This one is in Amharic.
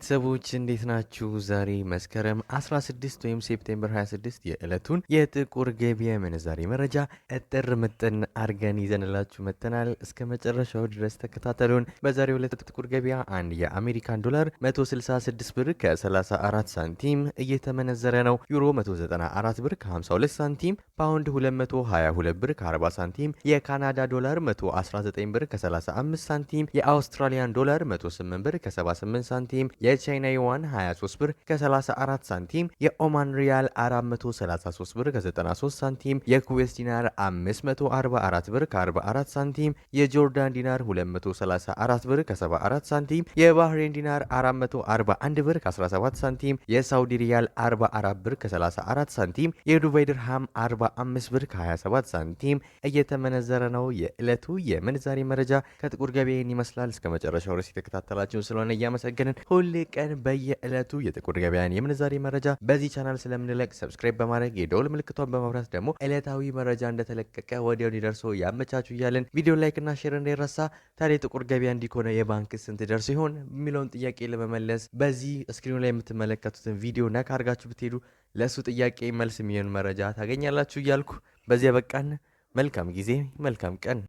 ቤተሰቦች እንዴት ናችሁ? ዛሬ መስከረም 16 ወይም ሴፕቴምበር 26 የዕለቱን የጥቁር ገበያ ምንዛሬ መረጃ እጥር ምጥን አድርገን ይዘንላችሁ መጥተናል። እስከ መጨረሻው ድረስ ተከታተሉን። በዛሬው ዕለት ጥቁር ገበያ አንድ የአሜሪካን ዶላር 166 ብር ከ34 ሳንቲም እየተመነዘረ ነው። ዩሮ 194 ብር ከ52 ሳንቲም፣ ፓውንድ 222 ብር ከ40 ሳንቲም፣ የካናዳ ዶላር 119 ብር ከ35 ሳንቲም፣ የአውስትራሊያን ዶላር 108 ብር ከ78 ሳንቲም የቻይና ዩዋን 23 ብር ከ34 ሳንቲም፣ የኦማን ሪያል 433 ብር ከ93 ሳንቲም፣ የኩዌስ ዲናር 544 ብር ከ44 ሳንቲም፣ የጆርዳን ዲናር 234 ብር ከ74 ሳንቲም፣ የባህሬን ዲናር 441 ብር ከ17 ሳንቲም፣ የሳውዲ ሪያል 44 ብር ከ34 ሳንቲም፣ የዱባይ ድርሃም 45 ብር ከ27 ሳንቲም እየተመነዘረ ነው። የዕለቱ የምንዛሬ መረጃ ከጥቁር ገበያ ይመስላል። እስከ መጨረሻው ድረስ የተከታተላችሁን ስለሆነ እያመሰገንን ሁሌ ቀን በየዕለቱ የጥቁር ገበያን የምንዛሬ መረጃ በዚህ ቻናል ስለምንለቅ ሰብስክራይብ በማድረግ የደውል ምልክቷን በመብራት ደግሞ ዕለታዊ መረጃ እንደተለቀቀ ወዲያው እንዲደርሶ ያመቻቹ እያለን ቪዲዮ ላይክና ሼር እንዳይረሳ። ታዲያ ጥቁር ገበያ እንዲህ የባንክ ስንት ደርሶ ይሆን የሚለውን ጥያቄ ለመመለስ በዚህ እስክሪኑ ላይ የምትመለከቱትን ቪዲዮ ነካ አድርጋችሁ ብትሄዱ ለእሱ ጥያቄ መልስ የሚሆን መረጃ ታገኛላችሁ እያልኩ በዚያ በቃን። መልካም ጊዜ፣ መልካም ቀን።